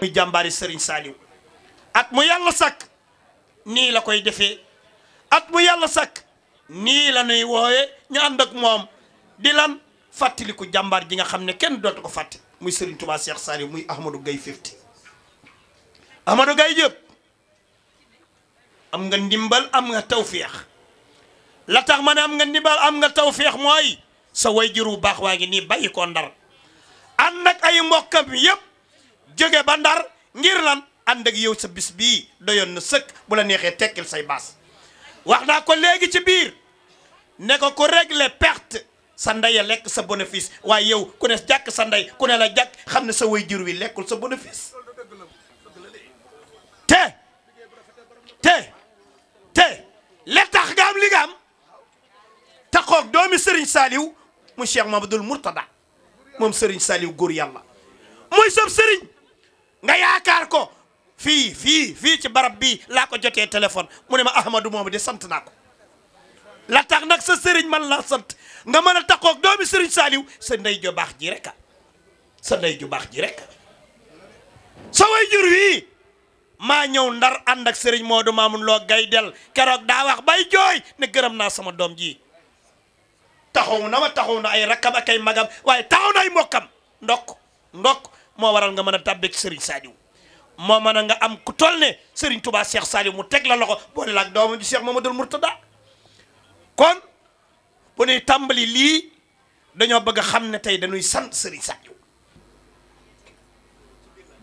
muy jàmbaari sëriñ saaliw at mu yàlla sakk nii la koy defee at mu yàlla sakk nii la nuy wooye ñu ànd ak moom di lan fàttaliku jàmbaar ji nga xam ne kenn dootu ko fàtte muy sëriñ Touba Cheikh muy Ahmadou Gaye Fifty Ahmadou Gaye Diop am nga ndimbal am nga tawféex la tax ma ne am nga ndimbal am nga tawféex mooy sa way jur bu baax waa ngi nii bàyyi ko ndar ànd ak ay mbokkam yépp jóge ba ndar ngir lan ànd ak yow sa bis bii doyoon na sëkk bu la neexee tekkil say baas wax naa ko léegi ci biir ne ko ku régler perte sa ndey a lekk sa bénéfice waaye yow ku ne jàkk sa ndey ku ne la jàkk xam ne sa way jur wi lekkul sa bénéfice te te te le tax nga am li nga am taxoog doomi sëriñ saaliw mu Cheikh Mamadou Mourtada moom sëriñ Saliou góor yàlla mooy sab Serigne. nga yaakaar ko fii fii fii ci barab bii laa ko jotee téléphone mu ne ma Ahmadou moomu de sant naa ko la tax nag sa sëriñ man laa sant nga mën a taxoog doomi sëriñ Saaliw sa ndey ju baax ji rek sa ndey ju baax ji rek sa way jur wii maa ñëw ndar ànd ak sëriñ Modou Mamoun Lo gay del keroog daa wax bay jooy ne gërëm naa sama doom ji taxaw na ma taxaw na ay rakkam a ay magam waaye taxaw na ay mbokkam ndokk ndok moo waral nga mën a tàbbeeg sëriñ Saliou moo mën a nga am ku toll ne Serigne Touba Cheikh Saliou mu teg la loxo boole la ak doomu ji Cheikh Mamadou Mourtada kon bu nuy tàmbali lii dañoo bëgg a xam ne tey dañuy sant sëriñ Saliou.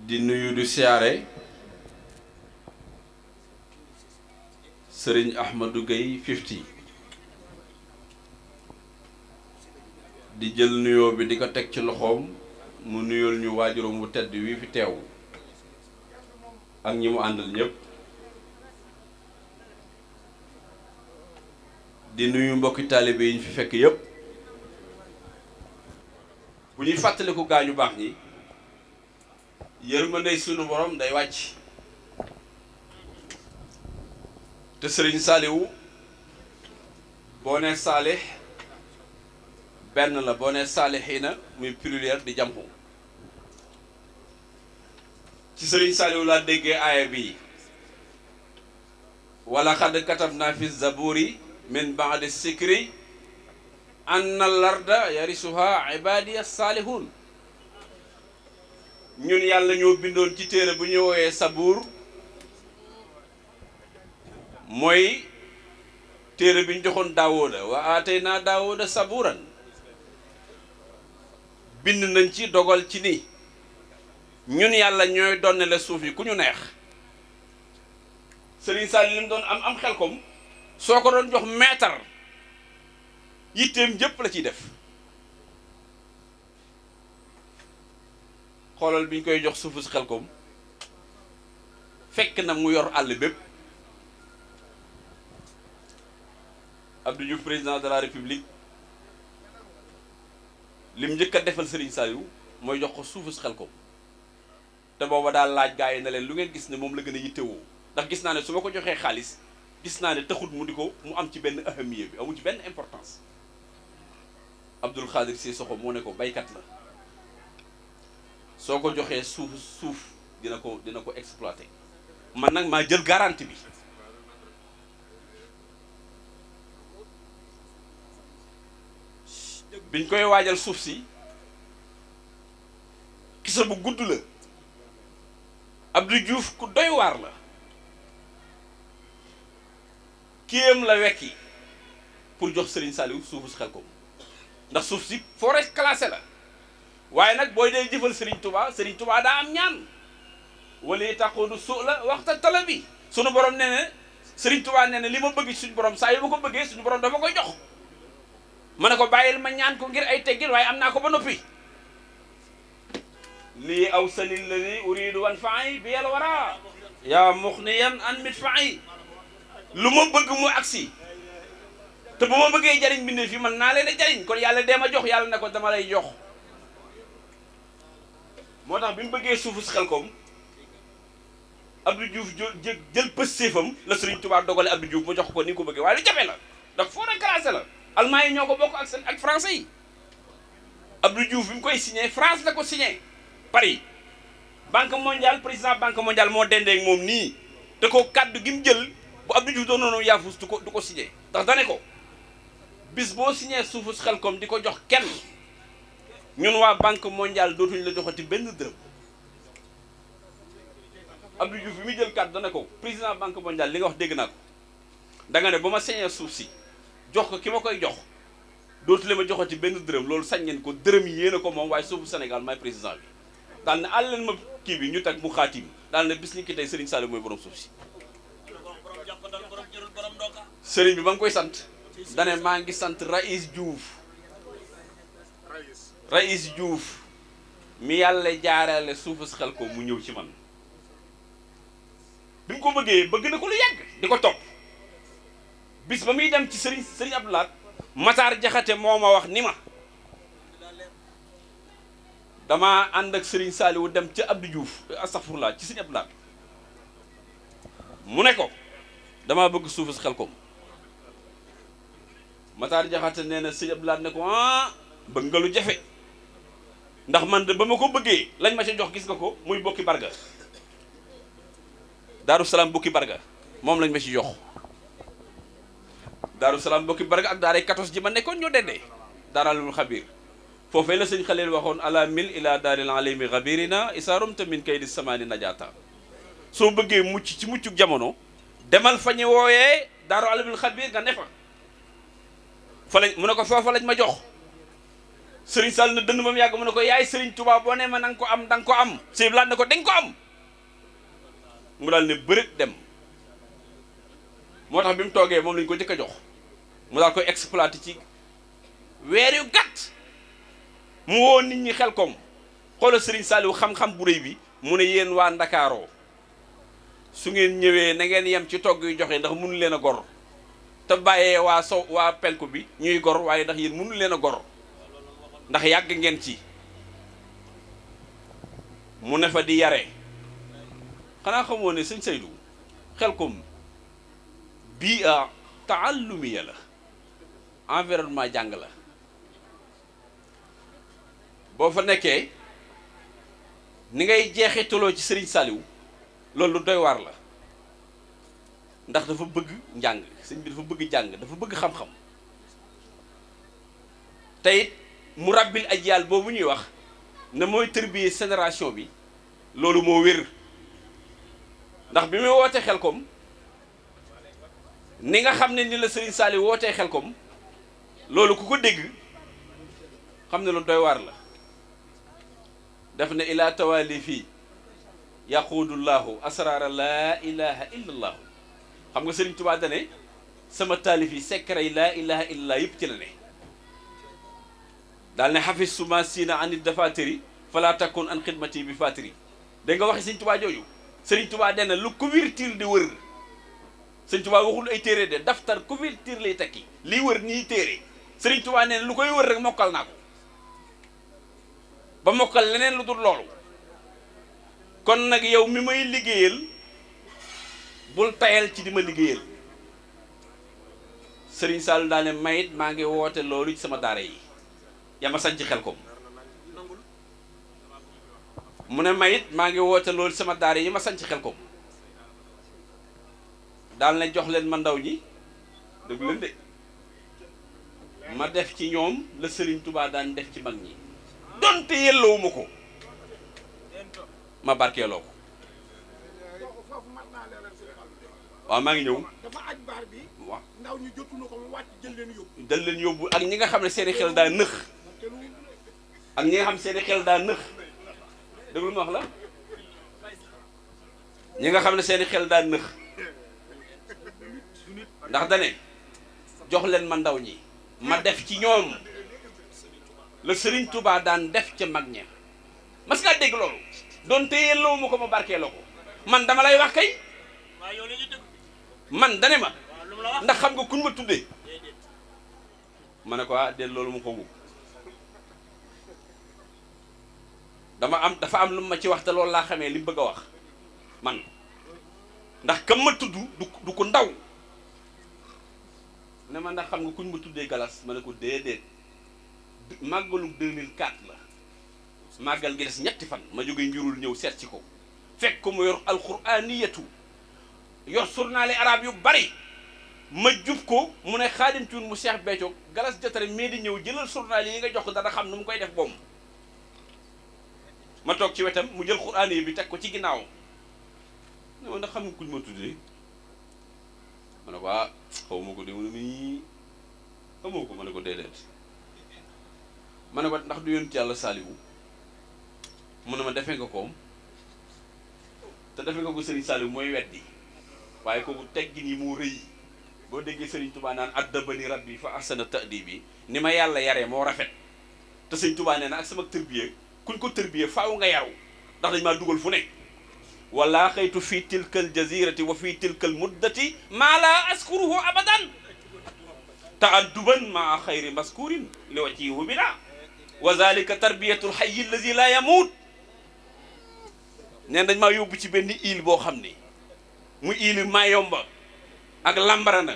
di nuyu du siyaare Serigne Ahmadou Gueye Fifty di jël nuyoo bi di ko teg ci loxoom. mu nuyul ñu waajuram wu tedd wi fi teew ak ñi mu àndal ñépp di nuyu mbokki taalibe yi ñu fi fekk yépp bu ñuy fàttaliku gaa ñu baax ñi yërmande sunu borom day wàcc te sëriñ Saaliwu boo ne Saalix benn la boo ne saalixiina muy pluriel di jamxu ci sëriñ Saaliw laa déggee aaya bii wala xad katab naa fi zaburi min baadi sikri anna larda yarisuha ibadiya saalihun ñun yàlla ñoo bindoon ci téere bu ñu woowee sabuur mooy téere bi ñu joxoon daawooda wa aatay naa daawooda sabuuran bind nañ ci dogal ci ni ñun yàlla ñooy donnale suuf yi ku ñu neex Serigne Saliou lim doon am am xel kom soo ko doon jox meetar yitteem jëpp la ciy def xoolal bi ñu koy jox suufu si xel kom fekk na mu yor àll bépp Abdou président de la république lim njëkk a defal saa Saliou mooy jox ko suufu xel ko te booba daal laaj gaa yi ne leen lu ngeen gis ne moom la gën a yittewoo ndax gis naa ne su ma ko joxee xaalis gis naa ne taxut mu di ko mu am ci benn ahamiye bi amu ci benn importance Abdoul si Cissokho moo ne ko baykat la soo ko joxee suuf suuf dina ko dina ko exploité man nag maa jël garantie bi. biñ koy waajal suuf si kisa bu gudd la abdu juuf ku doy waar la kiyam la wekki pour jox Serigne Saliou suufu si Xelkom ndax suuf si forêt classée la waaye nag booy dee jëfal sëriñ tubaa Serigne tubaa daa am ñaan wala taxoonu su la waxta tala bi sunu borom nee na Serigne Touba nee na li ma bëgg suñu borom saa yu ma ko bëggee suñu borom dafa koy jox. ma ne ko bàyyil ma ñaan ko ngir ay teggin waaye am naa ko ba noppi lii aw salil ladi uridu an faay bi yàlla wara yaa muxniyan an mit faay lu ma bëgg mu agsi te bu ma bëggee jariñ bindee fi man naa leen a jariñ kon yàlla dee ma jox yàlla ne ko dama lay jox moo tax bi mu bëggee suufu si Xelkom Abdou Diouf jël jël pëstéefam la Sëriñ Tuubaa dogale Abdou Diouf mu jox ko ni ko bëggee waaye lu jafe la ndax foo na classé la allemand yi ñoo ko bokk ak seen ak français yi Abdou bi mu koy signé France la ko signé Paris banque mondiale président banque mondiale moo dendeeg moom nii te ko kàddu gi mu jël bu Abdou Diouf doonoon yaafus du ko du ko signé ndax dane ko bis boo signé suufus xel kom di ko jox kenn ñun waa banque mondiale dootuñ la joxati benn dërëm Abdou Diouf bi muy jël kàddu dane ko président banque mondiale li nga wax dégg naa ko da nga ne ba ma signé suuf si jox ko ki ma koy jox dootu leen ma joxo ci benn dërëm loolu sañ ngeen ko dërëm yi yéen ko moom waaye suufu Sénégal maay président bi daal ne àll leen ma kii bi ñu tag mu xaatim daal ne bis ni ki tey Serigne Saliou mooy borom suuf si sëriñ bi ba nga koy sant dane maa ngi sant Raïs Diouf Raïs juuf mi yàlla jaarale suufu si xel ko mu ñëw ci man bi mu ko bëggee bëgg na ko lu yàgg di ko topp bis ba muy dem ci sëriñ sëriñ Abdou Lahad Matar Jaxate moo ma wax ni ma dama ànd ak sëriñ Saaliwu dem ca Abdou Diouf astaghfirullah ci sëriñ Abdou Lahad mu ne ko dama bëgg suuf si xel ko Matar Jaxate nee na sëriñ Abdou Lahad ne ko ah bëgg nga lu jafe ndax man de ba ma ko bëggee lañ ma ca jox gis nga ko muy bokki barga Daaru Salaam bokki barga moom lañ ma ci jox daaru salaam mbokki barga ak daaray 14 ji ma nekkoon ñoo dendee daaraalul xabiir foofee la sëñ Xalil waxoon ala mil ila daaril alimi xabirina isaarumta min di samaani najaata soo bëggee mucc ci muccuk jamono demal fa ñu wooyee daaru alimul xabir nga ne fa fa lañ mu ne ko foofa lañ ma jox sëriñ Sall na dënd moom yàgg mu ne ko yaay sëriñ Touba boo ne ma na ko am da ko am sëriñ Blanc ne ko dañ ko am mu daal ne bërët dem moo tax bi mu toogee moom lañ ko njëkk a jox mu daal koy exploité ci weer yu gàtt mu woo nit ñi xel koom xoolal Serigne Saliou xam-xam bu rëy bi mu ne yéen waa Ndakaaroo su ngeen ñëwee na ngeen yem ci togg yu joxe ndax mënu leen a gor te bàyyee waa sow waa penku bi ñuy gor waaye ndax yéen mënu leen a gor ndax yàgg ngeen ci mu ne fa di yare xanaa xamoo ne sëñ Seydou xel koom bii a taallumiya la environnement jàng la boo fa nekkee ni ngay jeexitaloo ci Serigne Saliou loolu doy waar la ndax dafa bëgg njàng sëñ bi dafa bëgg jàng dafa bëgg xam-xam te mu mu rabbil ajyaal boobu ñuy wax ne mooy tërbiyee génération bi loolu moo wér ndax bi muy woote xel koom ni nga xam ne ni la Serigne Saliou xel Xelkom loolu ku ko dégg xam ne lu doy waar la def na ilaa tawaali fii yaquudullaahu asraara laa ilaha illa allaahu xam nga Serigne Touba dane sama taalifi yi secret yi laa ilaha illallah yëpp ci la ne daal ne xafis suma siina anit dafatiri fala takkoon an xidmati bi fatiri da nga waxe Serigne Touba jooju Serigne Touba dana lu couverture di wër sëriñ Tuubaa waxul ay téere de daftar ku fi tiir lay tekki liy wër nii téere sëriñ Tuubaa nee lu koy wër rek mokkal naa ko ba mokkal leneen lu dul loolu kon nag yow mi may liggéeyal bul tayal ci di ma liggéeyal sëriñ Sall daal ne mayit maa ngi woote loolu ci sama daara yi yaa ma sañ ci xel kom mu ne mayit maa ngi woote loolu ci sama daara yi ma sañ ci xel kom daal na jox leen ma ndaw ñi dëgg de ma def ci ñoom la Sëriñ Tubaa daan def ci mag ñi donte yellowuma ko ma barkeeloo ko waaw maa ngi ñëw waaw jël leen yóbbu ak ñi nga xam ne seeni xel daa nëx ak ñi nga xam seeni xel daa nëx déglu ma wax la ñi nga xam ne seeni xel daa nëx ndax dane jox leen ma ndaw ñi ma def ci ñoom la sëriñ tubaa daan def ca mag ña mas ngaa dégg loolu doon te yéen lawu ma ko ma barkeeloo ko man dama lay wax kay man dane ma ndax xam nga kuñ ma tuddee ma ne ko ah déet loolu mu xoogu dama am dafa am lu ma ci wax te loolu laa xamee li mu bëgg a wax man ndax kam ma tudd du du ndaw ne ma ndax xam nga kuñ ma tuddee galas ma ne ko déedéet màggalu 2004 la màggal gi des ñetti fan ma jógee njurul ñëw seet ci ko fekk ko mu yor alxuraaniyatu yor surnaale arab yu bari ma jub ko mu ne xaadim cuun mu seex Béthio galas jotare mais di ñëw jëlal surnaale yi nga jox ko dana xam nu mu koy def boom ma toog ci wetam mu jël xuraani bi teg ko ci ginnaaw ne ma ndax xam nga kuñ ma tuddee ma ne ko ah xaw ma ko de mu ne mii xamoo ko ma ne ko déedéet ma ne ko ndax du yonent yàlla saaliwu mu ne ma defe nga koom te defee nga ko sëriñ saaliwu mooy weddi waaye kooku teggin yi mu rëy boo déggee sëriñ tubaa naan addabani rabbi fa ahsana bi ni ma yàlla yaree moo rafet te sëriñ tubaa naa ak sama tërbiye kuñ ko tërbiye faw nga yaru ndax dañ maa dugal fu nekk wala xaytu fi tilka al jazirati wa fi tilka al muddati maa laa askuruhu abadan taadduban maa xayri maskurin li wajihu bina wa zalika tarbiyatu al hayy allazi laa yamuut neen dañ ma yóbbu ci benn île boo xam ne mu île Mayomba ak Lambarana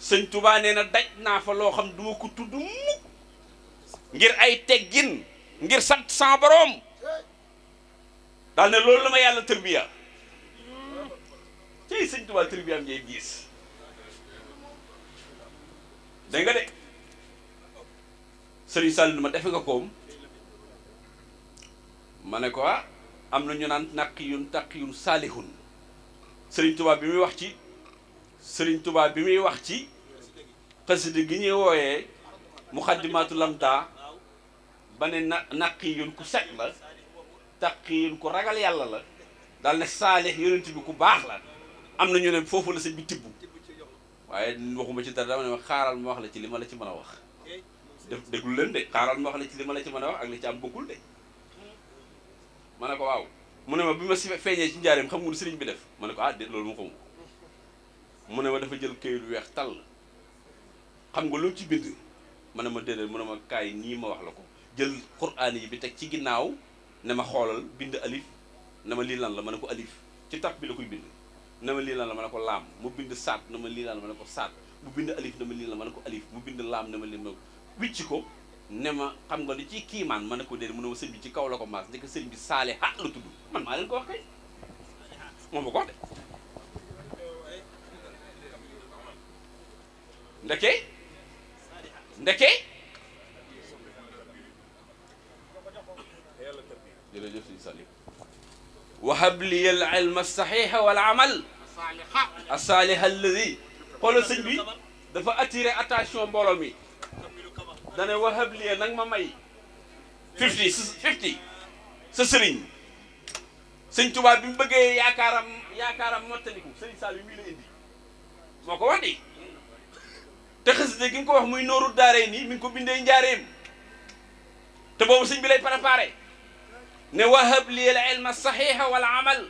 sëñ Touba nee na daj naa fa loo xam duma ko tudd mukk ngir ay teggin ngir sant sa dal ne loolu la yàlla tërbiya cay sëñ Tuubaa tërbiyaam ngay gis da nga de sëriñ Sall ma defe nga koom ma ne ko ah, am na ñu naan naqiyun taqiyun saalihun sëriñ Tuubaa bi muy wax ci sëriñ tubaab bi muy wax ci xasida gi ñuy wooyee muxaddimaatu lamta ba ne na naqiyun ku set la muttaqin ko ragal yàlla la daal ne saalix yonent bi ku baax la am na ñu ne foofu la sëñ bi tibb waaye waxuma ci dara dama ne ma xaaral ma wax la ci li ma la ci mën a wax def déglu leen de xaaral ma wax la ci li ma la ci mën a wax ak li ci am bokkul de ma ne ko waaw mu ne ma bi ma si feeñee ci njaareem xam nga lu sëriñ bi def ma ne ko ah déet loolu mu xamu mu ne ma dafa jël këyit lu weex tal xam nga lu mu ci bind ma ne ma déedéet mu ne ma kaay nii ma wax la ko jël quraan yi bi teg ci ginnaaw ne ma xoolal bind alif na ma lii lan la ma ne ko alif ci tab bi la koy bind na ma lii lan la ma ne ko laam mu bind saat na ma lii lan la ma ne ko saat mu bind alif na ma lii lan la ma ne ko alif mu bind laam na ma lii ma wicc ko ne ma xam nga li ci kiimaan ma ne ko déedéet mu ne ma sëñ bi ci kaw la ko maas njëkk sëñ bi saale ha la tudd man maa leen ko wax kay moom ma ko wax de ndeke ndeke jërëjëf sëñ Saliou wahab li al ilma saxiixa wal amal asaalih alladi xoolal sëñ bi dafa attiré attention mbooloo mi dane wahab li nag ma may fifty fifty sa sëriñ sëñ Tuubaa bi mu bëggee yaakaaram yaakaaram mottaliku sëriñ Saliou mii la indi moo ko wax di te xasida gi nga ko wax muy nooru daaree nii mi ngi ko bindee njaareem te boobu sëñ bi lay préparé ne wahab li al ilma saxiixa wal amal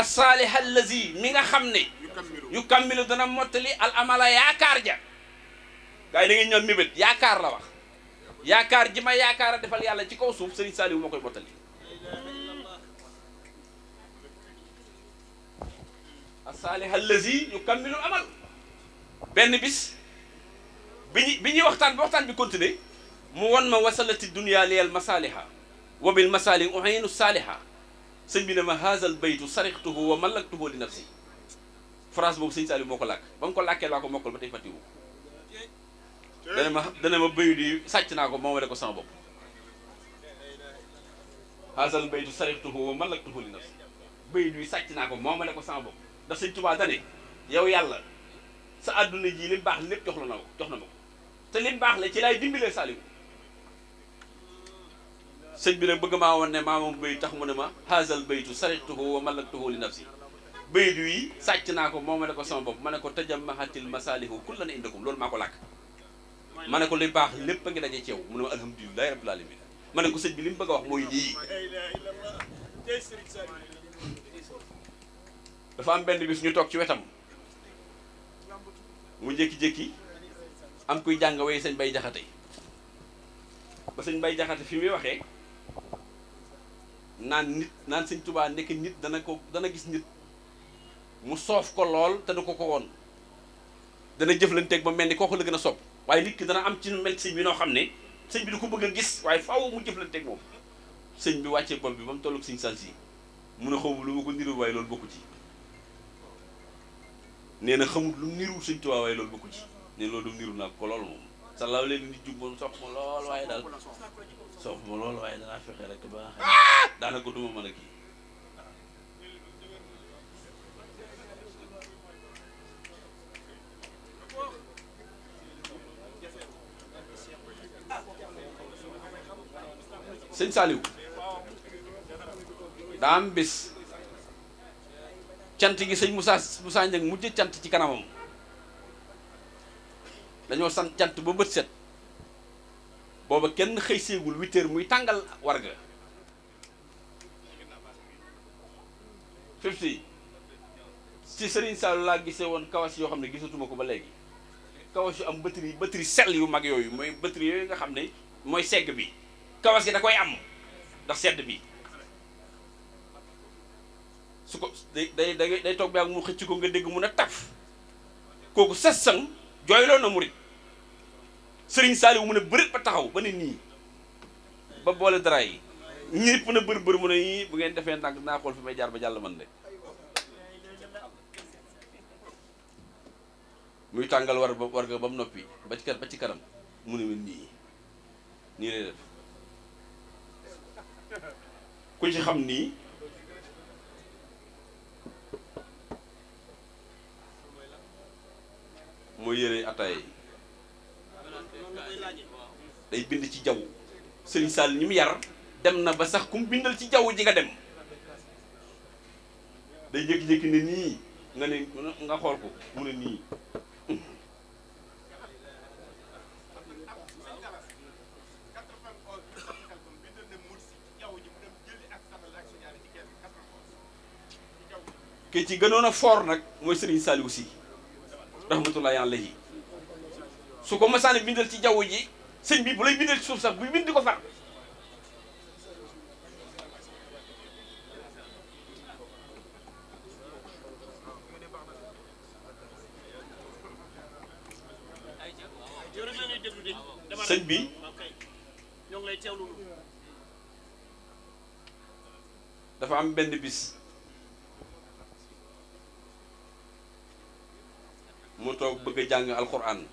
assaaliha allazi mi nga xam ne yu kammilu dana mottali al amala yaakaar ja gars yi da ngeen ñoom mébét yaakaar la wax yaakaar ji ma yaakaar a defal yàlla ci kaw suuf Serigne Saliou moo koy mottali assaaliha allazi yu kammilu amal benn bis bi ñu bi ñuy waxtaan bi waxtaan bi continuer mu won ma wasalati dunia liyal masaliha wa bil masaali uhaynu saaliha sëñ bi ne ma haazal baytu sarixtuhu wa malaktuhu li nafsi phrase boobu sëñ Saliou moo ko làkk ba mu ko làkkee laa ko mokkal ba tey fàttiwu dana ma dana ma béyu di sàcc naa ko moo wale ko sama bopp haazal baytu sarixtuhu wa malaktuhu li nafsi béyu di naa ko moo wale ko sama bopp ndax sëñ Tuubaa dane yow yàlla sa àdduna ji li baax lépp jox la na ko jox na ma te li baax la ci laay dimbalee Saliou sëñ bi nag bëgg maa woon ne maa moom tax mu ne ma haazal baytu sarixtuhu wa malaktuhu li nafsi bayt yi sàcc naa ko moom ma ne ko sama bopp ma ne ko tajammahatil masaalihu kullan indakum loolu maa ko làkk ma ne ko luy baax lépp a ngi daje ci yow mu ma alhamdulilahi rabbil alamin ma ne ko sëñ bi li mu bëgg a wax mooy lii dafa am benn bis ñu toog ci wetam mu jékki-jékki am kuy jàng way sëñ bay jaxate ba sëñ bay jaxate fi muy waxee naan nit naan sëñ tubaa nekk nit dana ko dana gis nit mu soof ko lool te du ko ko woon dana jëflanteeg ba mel ni kooku la gën a sopp waaye nit ki dana am ci mel sëñ bi noo xam ne sëñ bi du ko bëgg a gis waaye faaw mu jëflanteeg moom sëñ bi wàccee bom bi ba mu tolloog sëñ sal si mu ne xawma lu ma niru waaye loolu bokku ci nee na xamut lu niru sëñ tubaa waaye loolu bokku ci ne loolu niru naa ko lool moom salaaw leen nit jub moom sox ma lool waaye daal sopp ma loolu waaye danaa fexe rek ba nga xam daanaka du ma mën a kii sëñ Saliou daa am bés cant gi sëñ Moussa Moussa Ndiaye mu cant ci kanamam dañoo san cant ba bët set booba kenn xëy seegul muy tàngal warga fifty ci Serigne Sall laa gisee woon kawas yoo xam ne gisatuma ko ba léegi kawas yu am batterie batterie sell yu mag yooyu mooy batterie yooyu nga xam ne mooy segg bi kawas gi da koy am ndax sedd bi su ko day day day toog bi ak mu xëcc ko nga dégg mun a taf kooku sas sang jooyloo na murit Serigne Saliou mu ne bëri ba taxaw ba ne nii ba boole dara yi ñëpp na bër bër mu ne yii bu ngeen defee ndànk naa xool fi may jaar ba jàll man de muy tàngal war ba war nga ba noppi ba ci kanam ba ci kanam mu ne nii nii lay def ku ci xam nii mooy yëre ataay yi day bind ci jaww sëriñ Sall ñu mu yar dem na ba sax ku mu bindal ci jaw ji nga dem day jékki-jékki ne nii nga ne nga xool ko mu ne nii ke ci gënoon a foor nag mooy sëriñ Saliou si rahmatullahi alayhi su ko masaane ci jaww ji sëñ bi bu lay bindal ci buy bind ko far sëñ bi dafa am benn bis mu toog bëgg a jàng alxuraan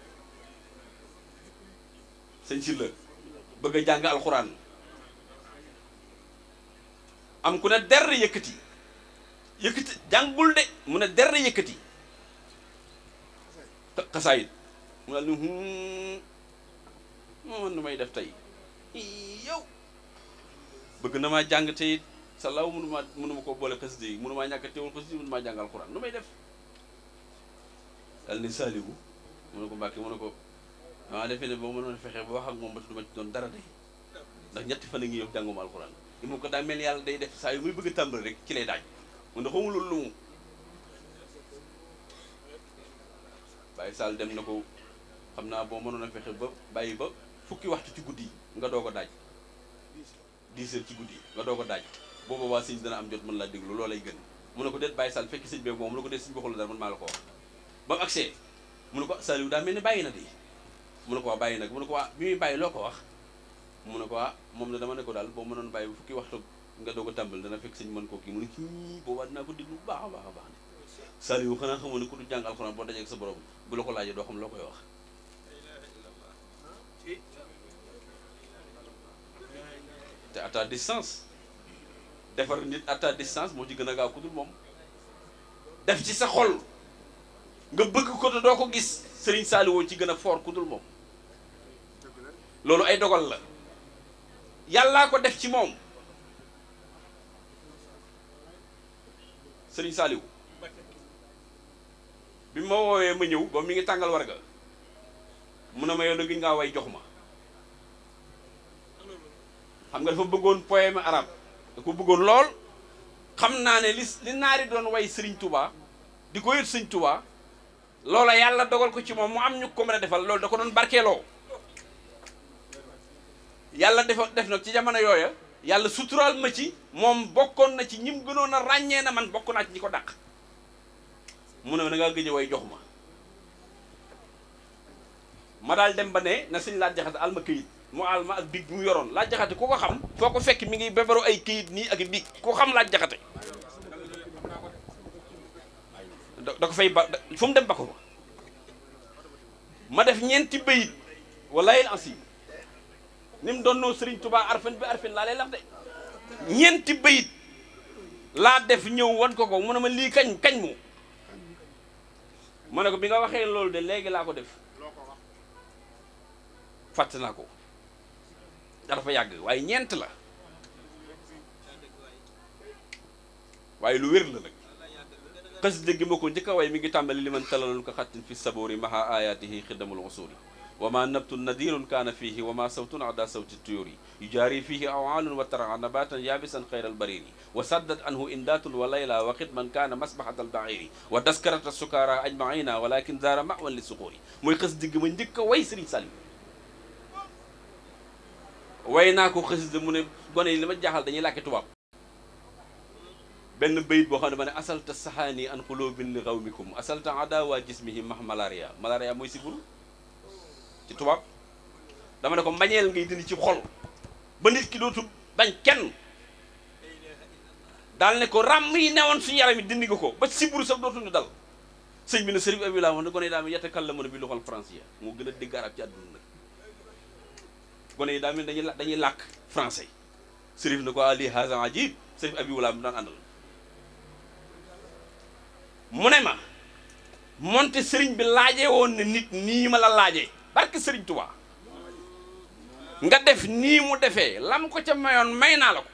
sëñ Sylla bëgg a jàng alxuraan am ku ne der yëkkati yëkkati jàngul de mu ne der yëkkati xasaayit mu daal ni man hmm, hmm, nu may def tey yow bëgg na maa jàng te it salaaw mu maa mënu ma ko boole xasida yi mënu maa ñàkk a teewul xasida yi mënu maa jàng alxuraan nu may def daal ni saaliwu mu ne ko mbàkke mu ne ko waaw defe ne boo mënoon fexe ba wax ak moom ba du ma ci doon dara de ndax ñetti fan a ngi yow jànguma alxuraan li mu ko daa mel yàlla day def saa yu muy bëgg a tàmbali rek ci lay daaj mun na xamul lu mu Baye Sall dem na ko xam naa boo mënoon a fexe ba bàyyi ba fukki waxtu ci guddi nga doo ko daaj 10 heures ci guddi nga doog a daaj booba waa si dana am jot mën laa déglu loolu lay gën mu ne ko déet bàyyi Sall fekk sëñ beeg moom mu ne ko déet sëñ bi waxul dara man maa ko ba mu mu ne ko Saliou daa ni bàyyi na de. mu ne ko waa bàyyi nag mu ne ko waa bi muy bàyyi loo ko wax mu ne ko waa moom la dama ne ko daal boo mënoon bàyyi bu fukki waxtu nga doog a tàmbali dana fekk sëñ man koo kii mu a kii boobaa dinaa ko déglu baax a baax a baax ne Saliou xanaa xamoon ne ku du jàng alxuraan boo dajee ak sa borom bu la ko laajee doo xam loo koy wax te à ta distance defar nit ata ta distance moo ci gën a gaaw ku dul moom def ci sa xol nga bëgg ko doo ko gis sëriñ Saaliwoo ci gën a foor ku dul moom loolu ay dogal la yàllaa ko def ci moom sëriñ Saaliw bi ma woowee ma ñëw ba mi ngi tàngal warga mun na ma yow a giñ ngaa way jox ma xam nga dafa bëggoon poème arabe da ko bëggoon lool xam naa ne li li naari doon way sëriñ Touba di ko yët sëriñ Touba loola yàlla dogal ko ci moom mu am ñu ko mën a defal loolu da ko doon barkeeloo yàlla defa def na ci jamono yooya yàlla suturaal ma ci moom bokkoon na ci ñim gënoon a ràññee na man bokk naa ci ñi ko dàq mu ne na ngaa gëj way jox ma ma daal dem ba ne na sëñ laaj jaxate al ma këyit mu al ak big mu yoroon laaj jaxate ku ko xam foo ko fekk mi ngi bébaru ay këyit nii ak big ku xam laaj jaxate da ko fay ba fu mu dem ba ko fa ma def ñeenti bayit wallahi ansi ni mu doon noo sëriñ Touba arfin bi arfin laa lay lax de ñeenti bayit laa def ñëw wan ko ko mu ne ma lii kañ kañ mu ma ne ko bi nga waxee loolu de léegi laa ko def fàtte naa ko dafa yàgg waaye ñeent la waaye lu wér la nag xasida gi ma ko njëkk a way mi ngi tàmbali li man talalul ko xattin fi saboori maha ayaatihi xidamul usuli wama nabtun nadirun kaana fiihi wama sawtun ada sawti tuyuri yujaari fiihi awaalun wa tara nabatan yaabisan xayra albariri wa saddat anhu indaatun wa layla wa xidman kaana masbahat albairi wa taskarata sukaara ajmaina walakin zaara mawan li suquuri mooy xasida gi ma njëkk a way Sëriñ Saliou way naa ko xasida mu ne gone yi li ma jaaxal dañuy làkki tubaab benn bayit boo xam ne ma ne asalta saxaani an xulóobin li xawmikum asalta mi jismihi max malaria malaria mooy sibur ci tubaab dama ne ko mbañeel ngay dindi ci xol ba nit ki dootul bañ kenn daal ne ko ràmm yi woon suñu yaram yi dindi nga ko ba sibur sax dootuñu dal sëñ bi ne sëriñ abi laa wax ne gone yi daa mel bi loxol français moo gën a dégg arab ci yi daa mel dañuy dañuy làkk français sërif ne ko ali hasan ajib sërif abi wala mu daan àndal mu ne ma monte sëriñ bi laajee woon na nit nii ma la laajee barke sëriñ Tuubaa nga def nii mu defee lam ko ca mayoon may naa la ko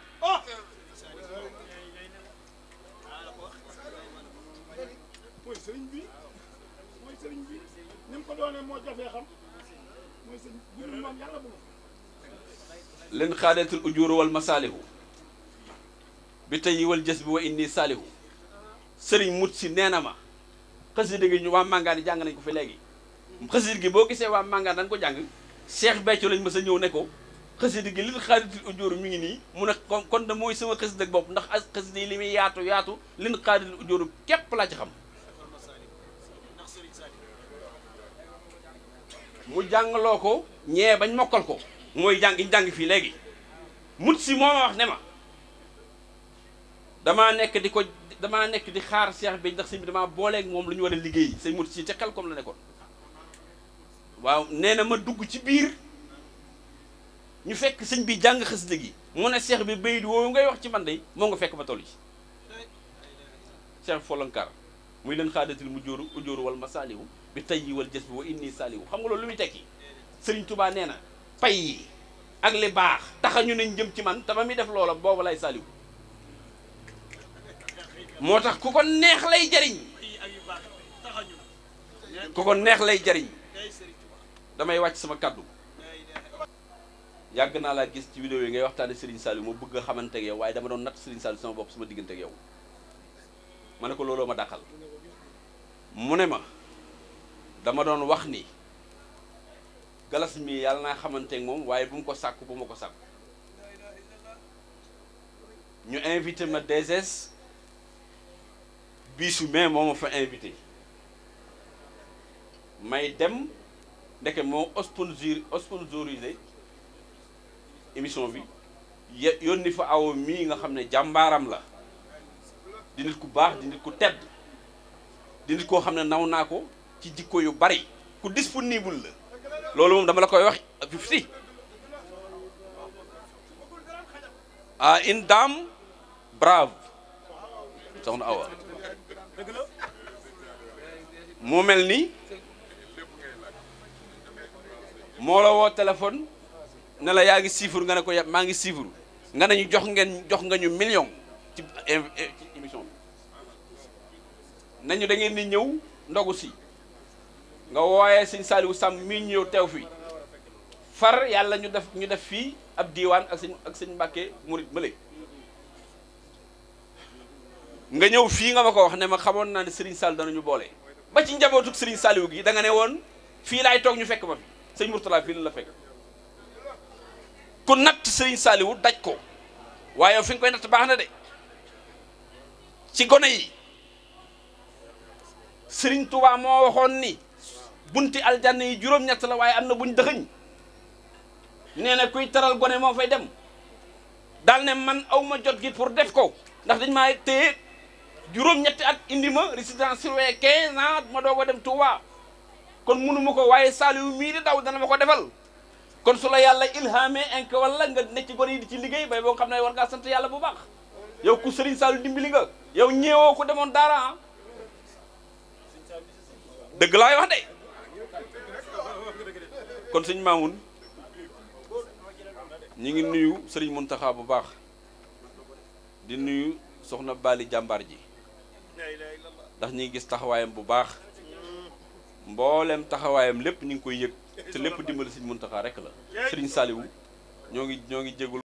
leen xaadatul ujuur wal masaalihu bi tey wal jës bi wa inni saalihu sëriñ mut si nee na ma xasida gi ñu waa màngaan yi jàng nañ ko fi léegi xasida gi boo gisee waa màngaan dañ ko jàng Cheikh Béthio lañ mës a ñëw ne ko xasida gi lil xaaritil ujóoru mi ngi nii mu ne kon da mooy sama xasida ak bopp ndax as xasida yi li muy yaatu yaatu lin xaaritil ujóoru képp laa ci xam mu jàngloo ko ñee bañ mokkal ko mooy jàng jàng fi léegi mut si moo ma wax ne ma damaa nekk di ko damaa nekk di xaar seex bi ndax sëñ bi damaa booleek moom lu ñu war a liggéey sëñ Modou si ca xel comme la nekkoon waaw nee na ma dugg ci biir ñu fekk sëñ bi jàng xasida gi mu seex bi bayit woowu ngay wax ci man de moo nga fekk ba toll ci seex bi muy leen xaadatil mu jóoru ujóoru ma masaaliwu bi tay yi wal jës bi wa inni saaliwu xam nga loolu lu muy tekki sëriñ Touba nee na pay ak li baax taxa ñu nañ jëm ci man te ba muy def loola boobu lay saaliwu moo tax ku ko neex lay jariñ ku ko neex lay jariñ damay wàcc sama kàddu yàgg naa laa gis ci vidéo yi ngay waxtaane Serigne Saliou ma bëgg a xamante ak yow waaye dama doon natt Serigne Saliou sama bopp sama diggante yow ma ne ko looloo ma dàqal mu ne ma dama doon wax ni galas mi yàlla naa xamante moom waaye bu mu ko sàkku bu ma ko sàkku ñu invité ma DSS biisu mai moo ma fa invité may dem ndeke moo sponsor sponsorisé émission bi yónni fa awo mii nga xam ne jàmbaaram la di ku baax di nit ku tedd di koo xam ne naw naa ko ci jikko yu bari ku disponible la loolu moom dama la koy wax fifty ah une dame brave soxna awa moo mel ni moo la woo téléphone ne yaa ngi siifur nga ne ko maa ngi siifur nga ne ñu jox ngeen jox nga ñu million ci ci émission bi nañu da ngeen di ñëw ndogu si nga wooyee sëñ Saliou sàmm mii ñëw teew fii far yàlla ñu def ñu def fii ab diiwaan ak sëñ ak sëñ Mbàkke murit mële nga ñëw fii nga ma ko wax ne ma xamoon naa ne Serigne Sall danañu boole ba ci njabootu Serigne Saliou gi danga ne woon fii laay toog ñu fekk ma fi sëñ Mourtala fii la la fekk ku natt Serigne Saliou daj ko waaye fi nga koy natt baax na de ci gone yi Serigne Touba moo waxoon ni bunti aljanna yi juróom-ñett la waaye am na buñ dëxëñ nee na kuy taral gone moo fay dem daal ne man awma jot gi pour def ko ndax dañ maa téye. juróom-ñetti at indi ma résidence surveillée 15 ans ma doog a dem Touba kon mënuma ko waaye Saliou mii di daw dana ma ko defal kon su la yàlla ilhamee inq wala nga nekk ci gone yi di ci liggéey bay boo xam ne war ngaa sant yàlla bu baax yow ku Serigne Saliou dimbali nga yow ñeewoo ko demoon daara ah. dëgg laay wax de kon sëñ Mamoun ñi ngi nuyu Serigne Mountakha bu baax di nuyu soxna Bali jàmbaar ji ndax ñu ngi gis taxawaayam bu baax mbooleem taxawaayam lépp ñu ngi koy yëg te lépp dimbali Sëriñ Muntaxa rek la Sëriñ Saliou ñoo ngi ñoo